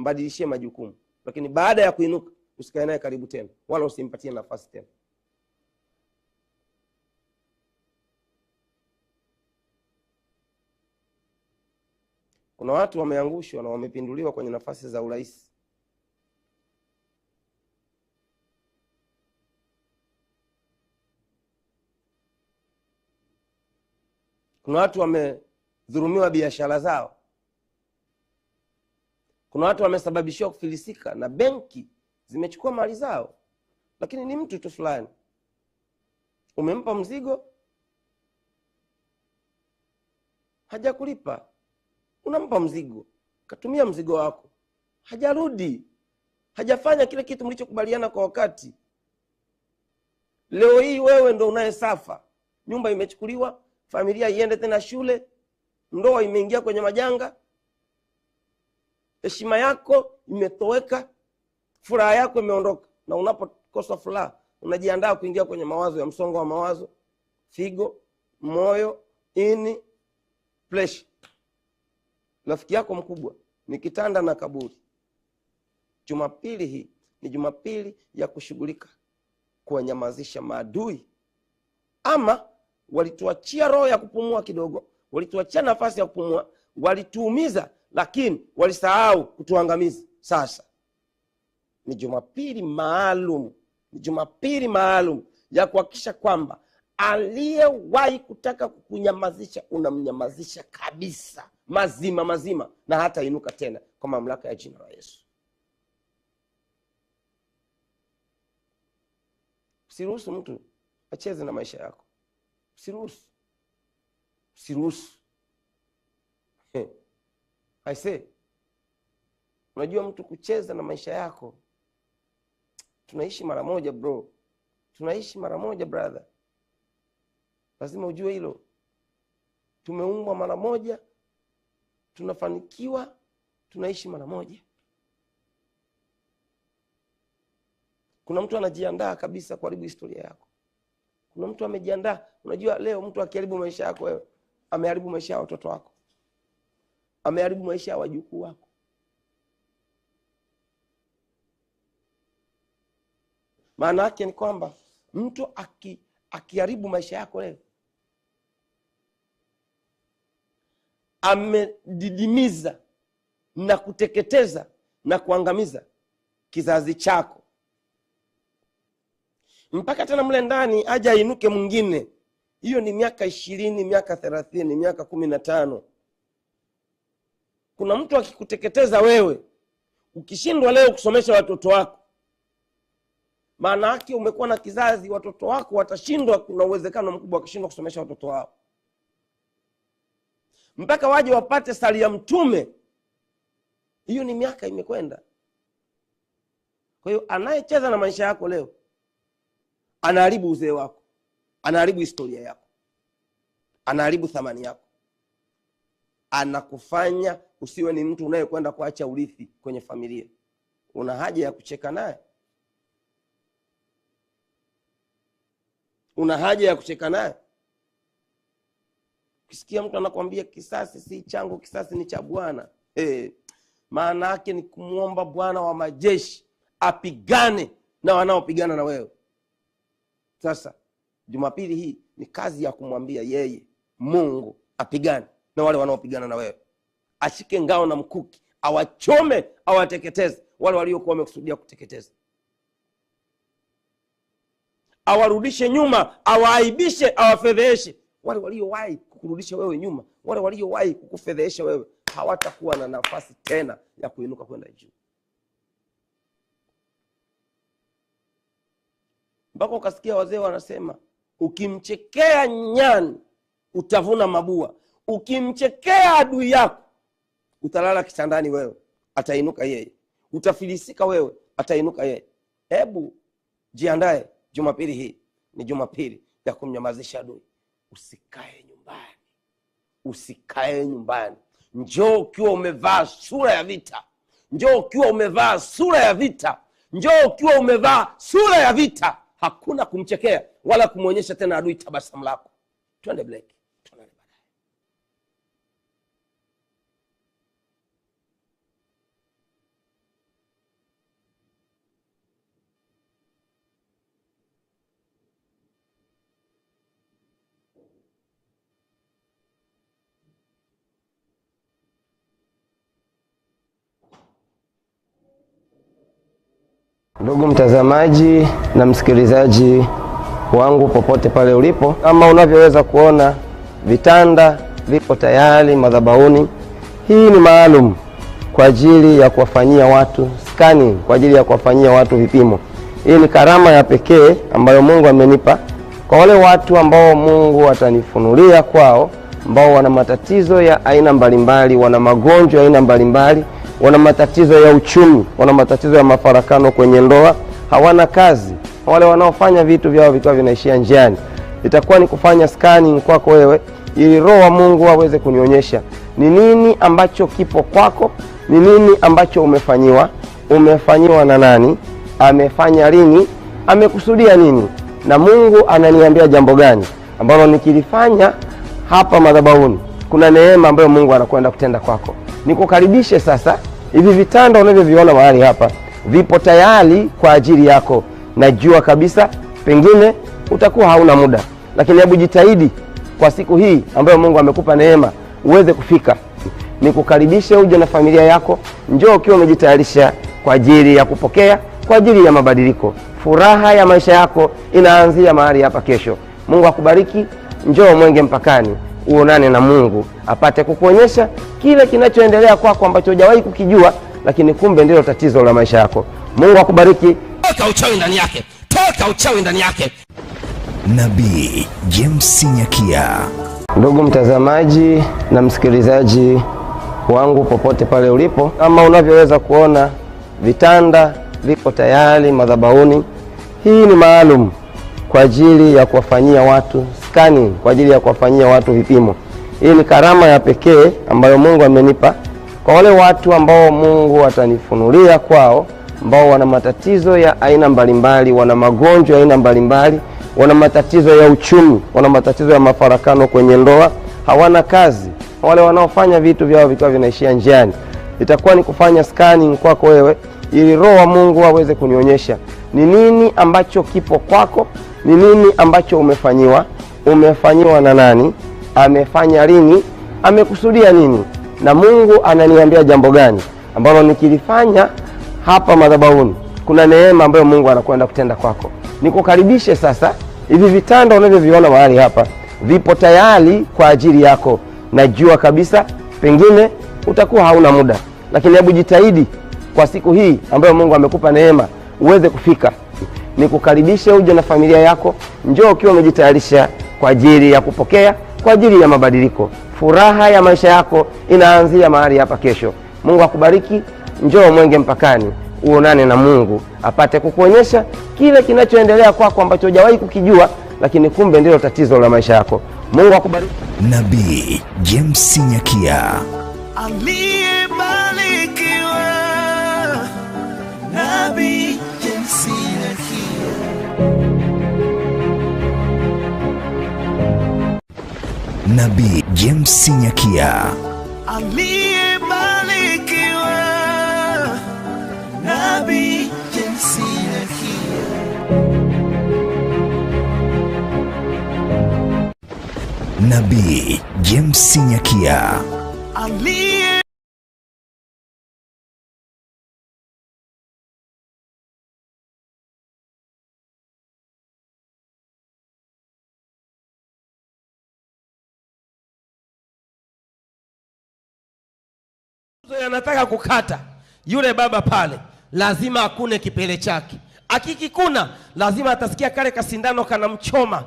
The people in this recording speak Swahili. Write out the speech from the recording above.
mbadilishie majukumu, lakini baada ya kuinuka usikae naye karibu tena, wala usimpatie nafasi tena. Kuna watu wameangushwa na wamepinduliwa kwenye nafasi za urais. Kuna watu wamedhurumiwa biashara zao kuna watu wamesababishiwa kufilisika na benki zimechukua mali zao, lakini ni mtu tu fulani umempa mzigo hajakulipa, unampa mzigo, katumia mzigo wako, hajarudi, hajafanya kile kitu mlichokubaliana kwa wakati. Leo hii wewe ndo unayesafa, nyumba imechukuliwa, familia iende tena shule, ndoa imeingia kwenye majanga heshima yako imetoweka, furaha yako imeondoka. Na unapokosa furaha, unajiandaa kuingia kwenye mawazo ya msongo wa mawazo, figo, moyo, ini, flesh Rafiki yako mkubwa ni kitanda na kaburi. Jumapili hii ni Jumapili ya kushughulika kuwanyamazisha maadui. Ama walituachia roho ya kupumua kidogo, walituachia nafasi ya kupumua, walituumiza lakini walisahau kutuangamiza. Sasa ni Jumapili maalum, ni Jumapili maalum ya kuhakikisha kwamba aliyewahi kutaka kukunyamazisha unamnyamazisha kabisa, mazima mazima, na hata inuka tena kwa mamlaka ya jina la Yesu. Usiruhusu mtu acheze na maisha yako, usiruhusu, usiruhusu Aise, unajua mtu kucheza na maisha yako, tunaishi mara moja bro, tunaishi mara moja brother. Lazima ujue hilo, tumeumbwa mara moja, tunafanikiwa, tunaishi mara moja. Kuna mtu anajiandaa kabisa kuharibu historia yako. Kuna mtu amejiandaa. Unajua, leo mtu akiharibu maisha yako wewe, ameharibu maisha ya watoto wako ameharibu maisha ya wajukuu wako. Maana yake ni kwamba mtu aki, akiharibu maisha yako leo amedidimiza na kuteketeza na kuangamiza kizazi chako, mpaka tena mle ndani aja ainuke mwingine. Hiyo ni miaka ishirini, miaka thelathini, miaka kumi na tano kuna mtu akikuteketeza wewe, ukishindwa leo kusomesha watoto wako, maana yake umekuwa na kizazi, watoto wako watashindwa. Kuna uwezekano mkubwa wakishindwa kusomesha watoto wao mpaka waje wapate sali ya Mtume, hiyo ni miaka imekwenda. Kwa hiyo anayecheza na maisha yako leo anaharibu uzee wako, anaharibu historia yako, anaharibu thamani yako anakufanya usiwe ni mtu unayekwenda kuacha urithi kwenye familia. Una haja ya kucheka naye? Una haja ya kucheka naye? Ukisikia mtu anakwambia kisasi si changu, kisasi ni cha Bwana, hey, eh, maana yake ni kumwomba Bwana wa majeshi apigane na wanaopigana na wewe. Sasa Jumapili hii ni kazi ya kumwambia yeye Mungu apigane na wale wanaopigana na wewe, ashike ngao na mkuki, awachome awateketeze wale waliokuwa wamekusudia kuteketeza, awarudishe nyuma, awaaibishe, awafedheheshe. Wale waliowahi kukurudisha wewe nyuma, wale waliowahi kukufedhehesha wewe, hawatakuwa na nafasi tena ya kuinuka kwenda juu, mpaka ukasikia wazee wanasema ukimchekea nyani utavuna mabua. Ukimchekea adui yako utalala kitandani wewe, atainuka yeye. Utafilisika wewe, atainuka yeye. Hebu jiandae. Jumapili hii ni Jumapili ya kumnyamazisha adui. Usikae nyumbani, usikae nyumbani. Njoo ukiwa umevaa sura ya vita, njoo ukiwa umevaa sura ya vita, njoo ukiwa umevaa sura ya vita. Hakuna kumchekea wala kumwonyesha tena adui tabasamu lako. Twende break. Ndugu mtazamaji na msikilizaji wangu popote pale ulipo, kama unavyoweza kuona vitanda vipo tayari madhabahuni. Hii ni maalum kwa ajili ya kuwafanyia watu scanning, kwa ajili ya kuwafanyia watu vipimo. Hii ni karama ya pekee ambayo Mungu amenipa kwa wale watu ambao Mungu atanifunulia kwao, ambao wana matatizo ya aina mbalimbali, wana magonjwa ya aina mbalimbali wana matatizo ya uchumi, wana matatizo ya mafarakano kwenye ndoa, hawana kazi. Wale wanaofanya vitu vyao vikiwa vinaishia njiani, itakuwa ni kufanya scanning kwako wewe, ili Roho wa Mungu aweze kunionyesha ni nini ambacho kipo kwako, ni nini ambacho umefanyiwa, umefanyiwa na nani, amefanya lini, amekusudia nini, na Mungu ananiambia jambo gani ambalo nikilifanya hapa madhabahuni kuna neema ambayo Mungu anakwenda kutenda kwako. Nikukaribishe sasa Hivi vitanda unavyoviona mahali hapa vipo tayari kwa ajili yako. Najua kabisa pengine utakuwa hauna muda, lakini hebu jitahidi kwa siku hii ambayo Mungu amekupa neema uweze kufika. Nikukaribishe uje na familia yako, njoo ukiwa umejitayarisha kwa ajili ya kupokea, kwa ajili ya mabadiliko. Furaha ya maisha yako inaanzia mahali hapa kesho. Mungu akubariki. Njoo Mwenge Mpakani uonane na Mungu apate kukuonyesha kile kinachoendelea kwako ambacho hujawahi kukijua, lakini kumbe ndilo tatizo la maisha yako. Mungu akubariki. Toka uchawi ndani yake, toka uchawi ndani yake. Nabii James Nyakia. Ndugu mtazamaji na msikilizaji wangu popote pale ulipo, kama unavyoweza kuona vitanda viko tayari madhabauni Hii ni maalum kwa ajili ya kuwafanyia watu scanning, kwa ajili ya kuwafanyia watu vipimo. Hii ni karama ya pekee ambayo Mungu amenipa kwa wale watu ambao Mungu atanifunulia kwao, ambao wana matatizo ya aina mbalimbali, wana magonjwa ya aina mbalimbali, wana matatizo ya uchumi, wana matatizo ya mafarakano kwenye ndoa, hawana kazi, wale wanaofanya vitu vyao vikiwa vinaishia njiani. Itakuwa ni kufanya scanning kwako wewe, ili Roho wa Mungu aweze kunionyesha ni nini ambacho kipo kwako ni nini ambacho umefanyiwa, umefanyiwa na nani, amefanya lini, amekusudia nini, na Mungu ananiambia jambo gani ambalo nikilifanya hapa madhabahuni kuna neema ambayo Mungu anakwenda kutenda kwako. Nikukaribishe sasa, hivi vitanda unavyoviona mahali hapa vipo tayari kwa ajili yako. Najua kabisa pengine utakuwa hauna muda, lakini hebu jitahidi kwa siku hii ambayo Mungu amekupa neema uweze kufika nikukaribishe uje na familia yako. Njoo ukiwa umejitayarisha kwa ajili ya kupokea, kwa ajili ya mabadiliko. Furaha ya maisha yako inaanzia mahali hapa kesho. Mungu akubariki. Njoo Mwenge Mpakani uonane na Mungu apate kukuonyesha kile kinachoendelea kwako ambacho hujawahi kukijua, lakini kumbe ndilo tatizo la maisha yako. Mungu akubariki. Nabii James Nyakia aliye Nabii James Nyakia aliyebarikiwa Nabii James Nyakia Nabii James Nyakia Ali So anataka kukata yule baba pale lazima akune kipele chake akikikuna lazima atasikia kale kasindano kanamchoma